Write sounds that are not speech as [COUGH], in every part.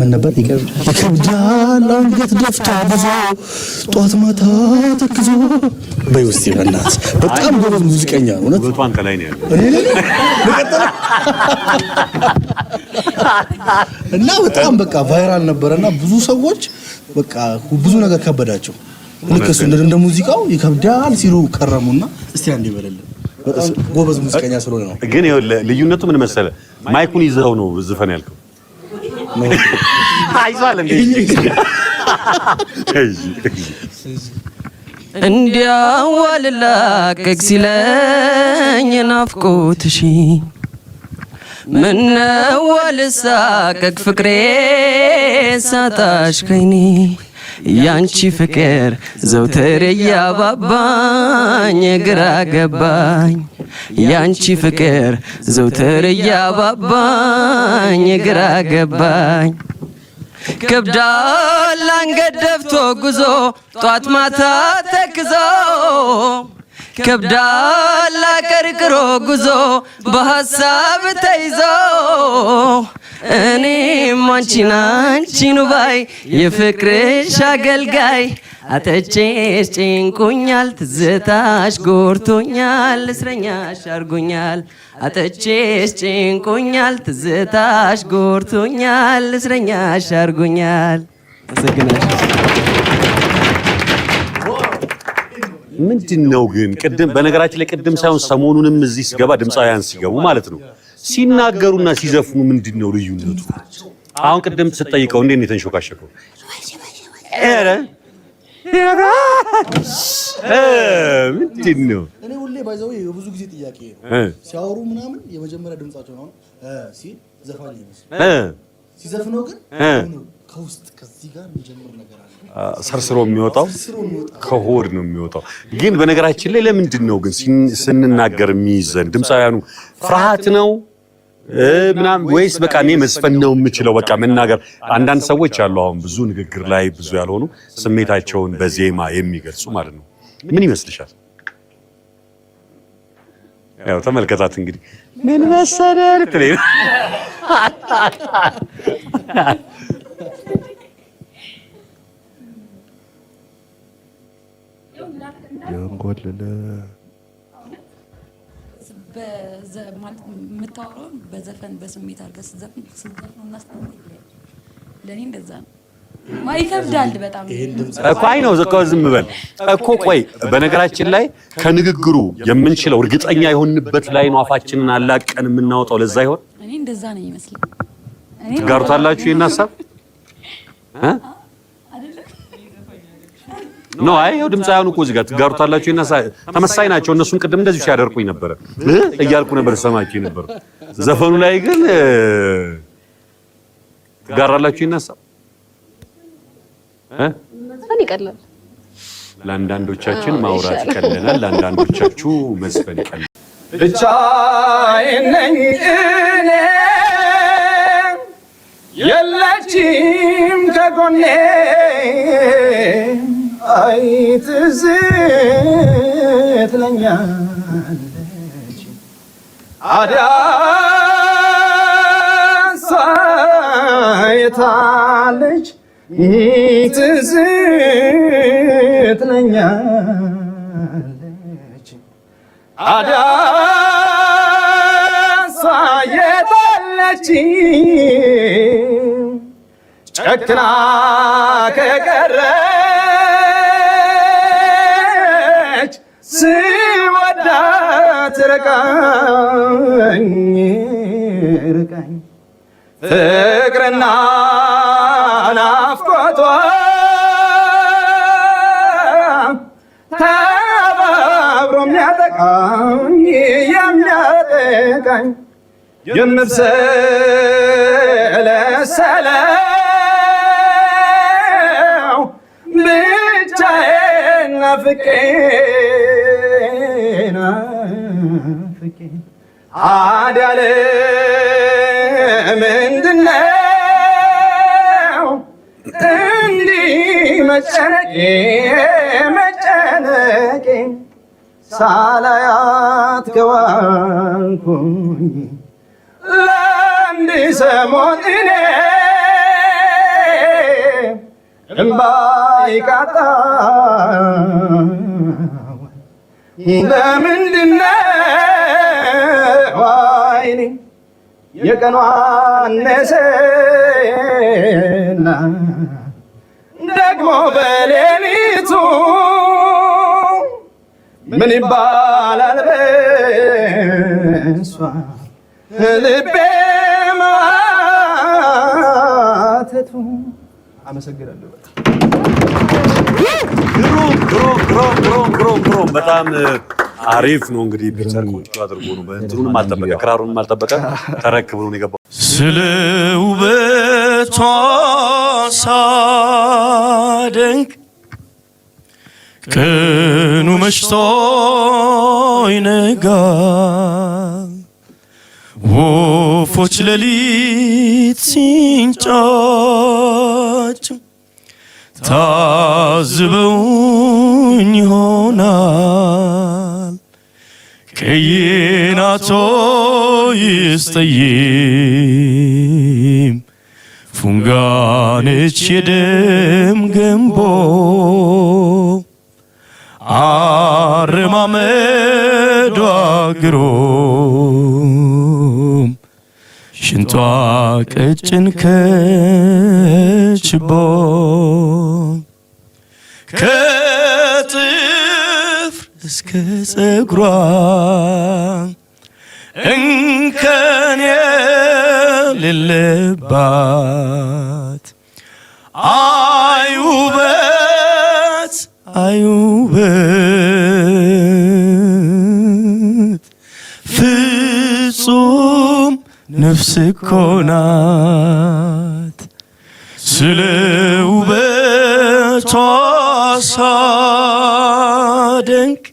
ምን ነበር? ይከብዳል አንገት ደፍታ ብዙ ጧት ማታ ተክዞ በውስጥ ይበናት። በጣም ጎበዝ ሙዚቀኛ ነው። እውነት ቦታው አንተ ነው ያለው እና በጣም በቃ ቫይራል ነበረ እና ብዙ ሰዎች በቃ ብዙ ነገር ከበዳቸው። ልክ እሱ እንደ ሙዚቃው ይከብዳል ሲሉ ከረሙና እስቲ አንድ ይበለልን ጎበዝ ሙዚቀኛ ስለሆነ ነው። ግን ልዩነቱ ምን መሰለ? ማይኩን ይዘው ነው ዝፈን ያልከው [LAUGHS] አይዟል እንዲያው አልላቀቅ ሲለኝ ናፍቆትሽ ምነው አልሳቀቅ ፍቅሬ ሳጣሽ ከይኔ ያንቺ ፍቅር ዘውትር እያባባኝ ግራ ገባኝ ያንቺ ፍቅር ዘውትር እያባባኝ ግራ ገባኝ ከብዳል አንገት ደፍቶ ጉዞ ጧት ማታ ተክዞ ከብዳል አቀርቅሮ ጉዞ በሐሳብ ተይዞ እኔም አንቺን አንቺኑ ባይ የፍቅርሽ አገልጋይ አተቼሽ ጭንቁኛል ትዝታሽ ጎርቶኛል እስረኛሽ አርጎኛል አተቼሽ ጭንቁኛል ትዝታሽ ጎርቶኛል እስረኛሽ አርጎኛል። ምንድን ነው ግን ቅድም በነገራችን ላይ ቅድም ሳይሆን ሰሞኑንም እዚህ ሲገባ ድምፃውያን ሲገቡ ማለት ነው ሲናገሩና ሲዘፍኑ ምንድን ነው ልዩነቱ? አሁን ቅድም ስትጠይቀው እንዴት ነው የተንሾካሸከው? ኧረ ምንድን ነው እኔ ሁሌ ባይዘው የብዙ ጊዜ ጥያቄ ነው። ሲያወሩ ምናምን የመጀመሪያ ድምጻቸው ነው ሲል ዘፋኝ ይመስል ሲዘፍነው ግን ከውስጥ ከዚህ ጋር የሚጀምር ነገር ሰርስሮ የሚወጣው ከሆድ ነው የሚወጣው። ግን በነገራችን ላይ ለምንድን ነው ግን ስንናገር የሚይዘን ድምፃውያኑ ፍርሃት ነው ምናምን ወይስ በቃ እኔ መስፈን ነው የምችለው? በቃ መናገር። አንዳንድ ሰዎች አሉ አሁን ብዙ ንግግር ላይ ብዙ ያልሆኑ ስሜታቸውን በዜማ የሚገልጹ ማለት ነው። ምን ይመስልሻል? ያው ተመልከታት እንግዲህ ምን መሰለህ ልትለኝ ነው። የምታወራውን በዘፈን በስሜት አድርገህ ስትዘፍን እና ለእኔ እንደዛ ነው። ይከብዳል በጣም እኮ አይ ነው እኮ ዝም በል እኮ ቆይ። በነገራችን ላይ ከንግግሩ የምንችለው እርግጠኛ የሆንበት ላይ ነው አፋችንን አላቀን የምናወጣው። ለዛ ይሆን እኔ እንደዛ ነው ይመስለኝ። ትጋሩታላችሁ ይህን ሀሳብ? ነው። አይ ይኸው ድምፃውያኑ እኮ እዚህ ጋር ትጋሩታላችሁ እና ተመሳይ ናቸው። እነሱን ቅድም እንደዚህ ሲያደርቁኝ ነበረ እያልኩ ነበር፣ ሰማችሁ ነበር። ዘፈኑ ላይ ግን ትጋራላችሁ ይነሳ እ መዝፈን ይቀላል። ለአንዳንዶቻችን ማውራት ይቀለናል፣ ለአንዳንዶቻችሁ መዝፈን ይቀላል። ብቻዬን ነኝ እኔ የለችም ከጎኔ ላይ ትዝ ትለኛለች አዳሳ የታለች ትዝ ትለኛለች አዳሳ የታለች ጨክና ከቀረ ስወዳት ርቃኝ ርቃኝ ፍቅርና ናፍቆቷ ተባብሮ የሚያጠቃኝ የሚያጠቃኝ የምብሰለሰለው ብቻዬን ናፍቄ አዳለ ምንድነው እንዲህ መጨነቄ መጨነቄ ሳላያት ገባንኩኝ ለአንድ ሰሞን እኔ እምባይ ቃጣ ለምንድነው አይኔ የቀኗ አነሰና ደግሞ በሌሊቱ ምን ይባላል በሷ ልቤ ማተቱ። አመሰግናለሁ። ግሩም ግሩም ግሩም ግሩም ግሩም በጣም አሪፍ ነው እንግዲህ ፒተር ቆንጆ አድርጎ ነው እንትኑንም አልጠበቀ ክራሩንም አልጠበቀ ተረክብ ነው የገባው። ስለ ውበቷ ሳደንቅ ቀኑ መሽቶ ይነጋል፣ ወፎች ሌሊት ሲንጫጭም ታዝበውኝ ይሆናል ከይናቶ ይስጠይም ፉንጋነች የደም ገንቦ አረማመዷ ግሩም ሽንቷ ቀጭን ከችቦ ከፀጉሯ እንከን የሌለባት አይ ውበት አይ ውበት ፍጹም ነፍስ እኮ ስለ ውበቷ ሳደንቅ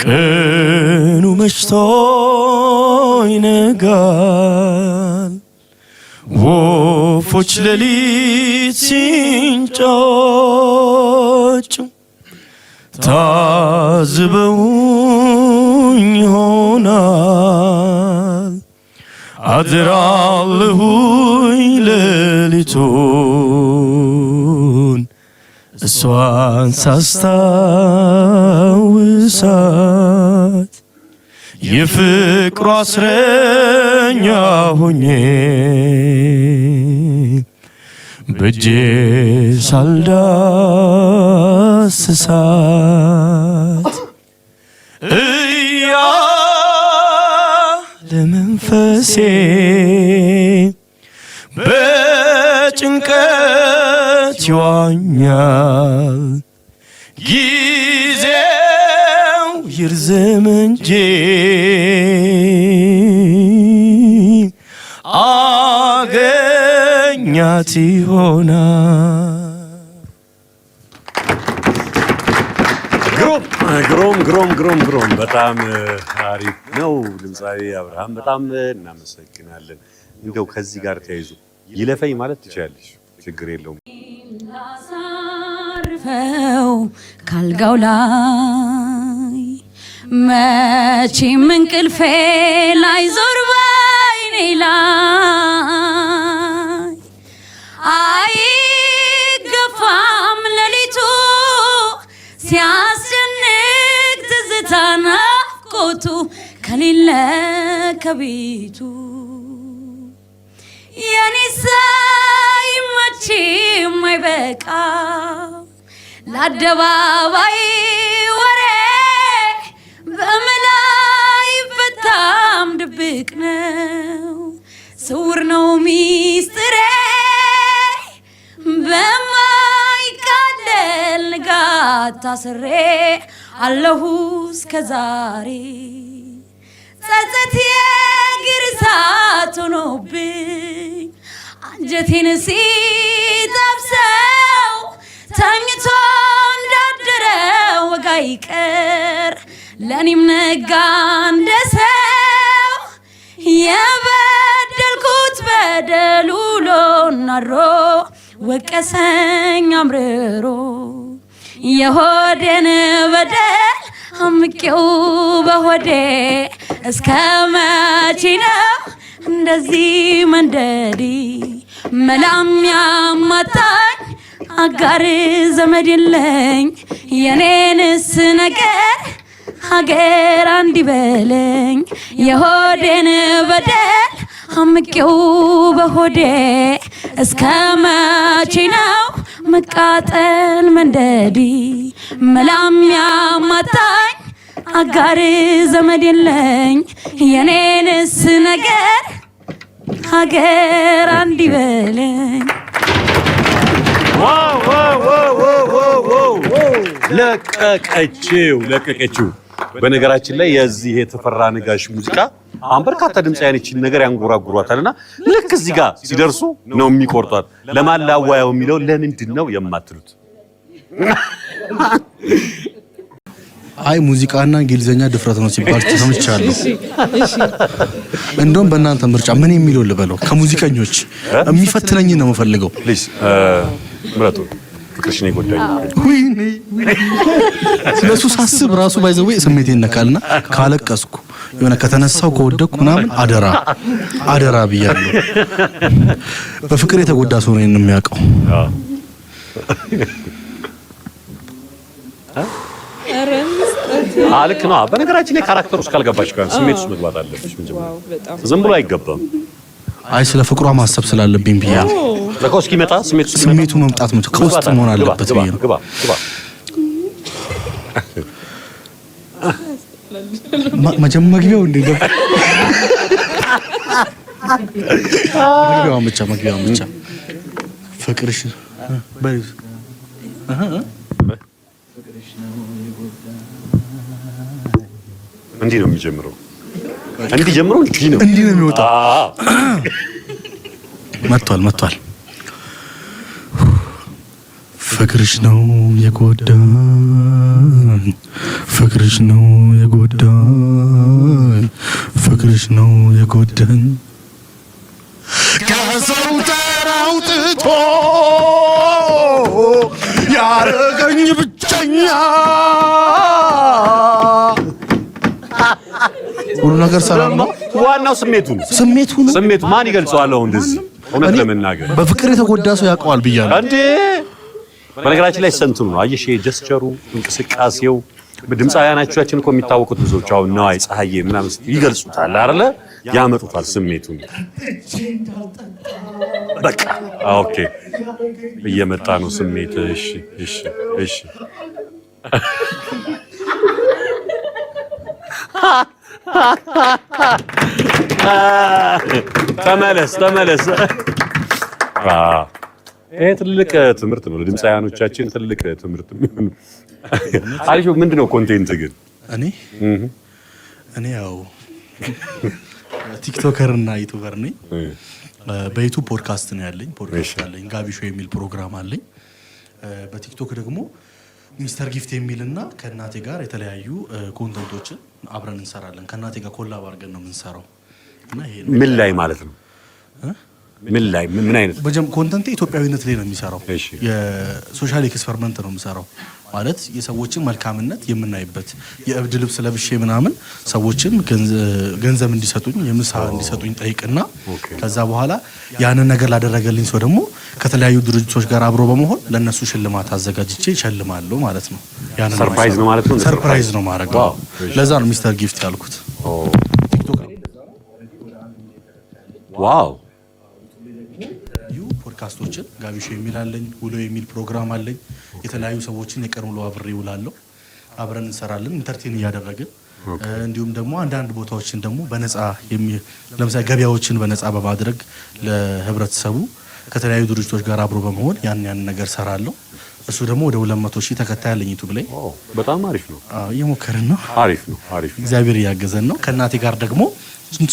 ቀኑ መሽቶ ይነጋል፣ ወፎች ሌሊት ሲንጫጩ ታዝበውኝ ይሆናል። አድራለሁኝ ሌሊቱን እሷን ሳስታው እሳት የፍቅሩ አስረኛ ሆኜ በእጄ ሳልዳስሳት እያ ለመንፈሴ በጭንቀት ይዋኛል ይርዝም እንጂ አገኛት ይሆናል። ግሩም ግሩም ግሩም ግሩም። በጣም አሪፍ ነው ድምፃዊ አብርሃም፣ በጣም እናመሰግናለን። እንደው ከዚህ ጋር ተያይዞ ይለፈኝ ማለት ትችላለሽ፣ ችግር የለውም። ላሳርፈው ካልጋው ላይ መቼም እንቅልፌ ላይ ዞር ባይኔ ላይ አይገፋም ሌሊቱ ሲያስጨንቅ ትዝታ ናፍቆቱ ከሌለ ከቤቱ የኔሳ ይመቼም አይበቃ ለአደባባይ ትልቅ ነው፣ ስውር ነው ሚስጥሬ በማይቃለል ንጋት ታስሬ አለሁ እስከ ዛሬ ጸጸት የእግር እሳት ሆኖብኝ አንጀቴን ሲጠብሰው ተኝቶ እንዳደረ ወጋ ይቀር ለእኔም ነጋ እንደሰ የበደልኩት በደል ውሎና አድሮ ወቀሰኝ አምርሮ የሆዴን በደል አምቄው በሆዴ እስከ መቼ ነው እንደዚህ መንደዲ መላም ያማታኝ አጋር ዘመድ የለኝ የኔንስ ነገር ሀገር አንድ በለኝ የሆዴን በደል አምቄው በሆዴ እስከ መቼ ነው መቃጠል መንደዲ መላም ያማጣኝ አጋር ዘመድ የለኝ የኔንስ ነገር ሀገር አንድ ለቀቀችው ለቀቀችው። በነገራችን ላይ የዚህ የተፈራ ነጋሽ ሙዚቃ አሁን በርካታ ድምፅ ይችን ነገር ያንጎራጉሯታል እና ልክ እዚህ ጋር ሲደርሱ ነው የሚቆርጧት። ለማን ላዋያው የሚለው ለምንድን ነው የማትሉት? አይ ሙዚቃና እንግሊዘኛ ድፍረት ነው ሲባል ተሰምቻለሁ። እንደውም በእናንተ ምርጫ ምን የሚለው ልበለው? ከሙዚቀኞች የሚፈትነኝ ነው የምፈልገው። ፍቅርሽን የጎዳኝ ስለሱ ሳስብ ራሱ ባይዘው ስሜት ይነካልና ካለቀስኩ የሆነ ከተነሳው ከወደቅኩ ምናምን አደራ አደራ ብያለሁ። በፍቅር የተጎዳ ሰው ነው የሚያውቀው። ልክ ነው። በነገራችን ላይ ካራክተር ውስጥ ካልገባች ስሜት ውስጥ መግባት አለብሽ። ዝም ብሎ አይገባም። አይ ስለ ፍቅሯ ማሰብ ስላለብኝ ብያ ነው። እስኪመጣ ስሜቱ መምጣት ነው ከውስጥ መሆን አለበት ብዬ ነው። መግቢያው እንዴ ነው? ብቻ መግቢያውን ብቻ ፍቅርሽ እንዲህ ነው የሚጀምረው። እንዲህ ጀምሮ እንዲህ ነው እንዲህ ነው የሚወጣ። መጥቷል መጥቷል። ፍቅርሽ ነው የጎዳን፣ ፍቅርሽ ነው የጎዳን፣ ፍቅርሽ ነው የጎዳኝ ከሰው ትቶ ያረገኝ ብቸኛ ሁሉ ነገር ሰላም ነው። ዋናው ስሜቱ ነው። ስሜቱ ነው። ስሜቱ ማን ይገልጸዋል? አሁን እንደዚህ እውነት ለመናገር በፍቅር የተጎዳ ሰው ያውቀዋል ብያለሁ። እንዴ በነገራችን ላይ ሰንትኑ ነው። አየሽ ጀስቸሩ፣ እንቅስቃሴው ድምፃውያናችን እኮ የሚታወቁት ብዙዎች አሁን ነዋይ ፀሐዬ ምናምን ይገልጹታል አይደለ? ያመጡታል ስሜቱን። በቃ ኦኬ፣ እየመጣ ነው ስሜት። እሺ፣ እሺ፣ እሺ ተመለስ ተመለስ። ይሄ ትልቅ ትምህርት ነው ለድምፃውያኖቻችን፣ ትልቅ ትምህርት የሚሆኑ አሪፍ። ምንድን ነው ኮንቴንት ግን እኔ እኔ ያው ቲክቶከር እና ዩቱበር ነኝ። በዩቱብ ፖድካስት ነው ያለኝ፣ ፖድካስት አለኝ። ጋቢሾ የሚል ፕሮግራም አለኝ። በቲክቶክ ደግሞ ሚስተር ጊፍት የሚልና ከእናቴ ጋር የተለያዩ ኮንተንቶችን አብረን እንሰራለን። ከእናቴ ጋር ኮላብ አድርገን ነው የምንሰራው። ምን ላይ ማለት ነው ምን ላይ ምን አይነት ኮንተንት ኢትዮጵያዊነት ላይ ነው የሚሰራው። የሶሻል ኤክስፐሪመንት ነው የሚሰራው ማለት የሰዎችን መልካምነት የምናይበት የእብድ ልብስ ለብሼ ምናምን ሰዎችን ገንዘብ እንዲሰጡኝ የምሳ እንዲሰጡኝ ጠይቅና ከዛ በኋላ ያንን ነገር ላደረገልኝ ሰው ደግሞ ከተለያዩ ድርጅቶች ጋር አብሮ በመሆን ለእነሱ ሽልማት አዘጋጅቼ ይሸልማለሁ ማለት ነው። ሰርፕራይዝ ነው ማለት ነው። ሰርፕራይዝ ነው ማድረግ ነው። ለዛ ነው ሚስተር ጊፍት ያልኩት። ዋው ፖድካስቶችን ጋቢሾ የሚል አለኝ፣ ውሎ የሚል ፕሮግራም አለኝ። የተለያዩ ሰዎችን የቀን ውሎ አብሬ ውላለሁ። አብረን እንሰራለን ኢንተርቴን እያደረግን እንዲሁም ደግሞ አንዳንድ ቦታዎችን ደግሞ በነፃ ለምሳሌ ገበያዎችን በነፃ በማድረግ ለህብረተሰቡ ከተለያዩ ድርጅቶች ጋር አብሮ በመሆን ያን ያን ነገር ሰራለሁ። እሱ ደግሞ ወደ ሁለት መቶ ሺህ ተከታይ አለኝ ዩቱብ ላይ። በጣም አሪፍ ነው። እየሞከርን ነው። አሪፍ ነው። አሪፍ እግዚአብሔር እያገዘን ነው። ከእናቴ ጋር ደግሞ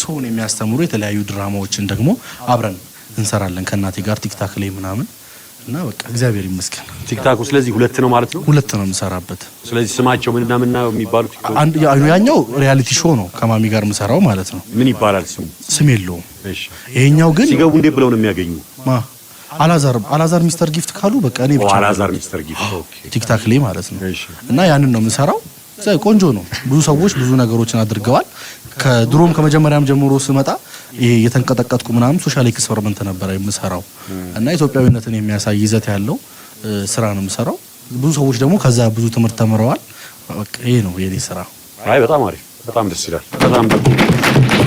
ሰውን የሚያስተምሩ የተለያዩ ድራማዎችን ደግሞ አብረን እንሰራለን ከእናቴ ጋር ቲክታክ ላይ ምናምን እና በቃ እግዚአብሔር ይመስገን። ቲክታክ ስለዚህ ሁለት ነው ማለት ነው፣ ሁለት ነው የምሰራበት። ስለዚህ ስማቸው ምንና ነው የሚባሉት ያኛው ሪያሊቲ ሾው ነው ከማሚ ጋር የምሰራው ማለት ነው። ምን ይባላል ስሙ? ስም የለውም። ይሄኛው ግን ሲገቡ እንዴት ብለው ነው የሚያገኙ? አላዛር አላዛር ሚስተር ጊፍት ካሉ በቃ እኔ ብቻ አላዛር ሚስተር ጊፍት ቲክታክ ላይ ማለት ነው። እና ያንን ነው የምንሰራው። ቆንጆ ነው። ብዙ ሰዎች ብዙ ነገሮችን አድርገዋል። ከድሮም ከመጀመሪያም ጀምሮ ስመጣ የተንቀጠቀጥኩ ምናምን ሶሻል ኤክስፐሪመንት ነበረ የምሰራው እና ኢትዮጵያዊነትን የሚያሳይ ይዘት ያለው ስራ ነው የምሰራው። ብዙ ሰዎች ደግሞ ከዛ ብዙ ትምህርት ተምረዋል። ይሄ ነው የኔ ስራ። አይ በጣም አሪፍ፣ በጣም ደስ ይላል። በጣም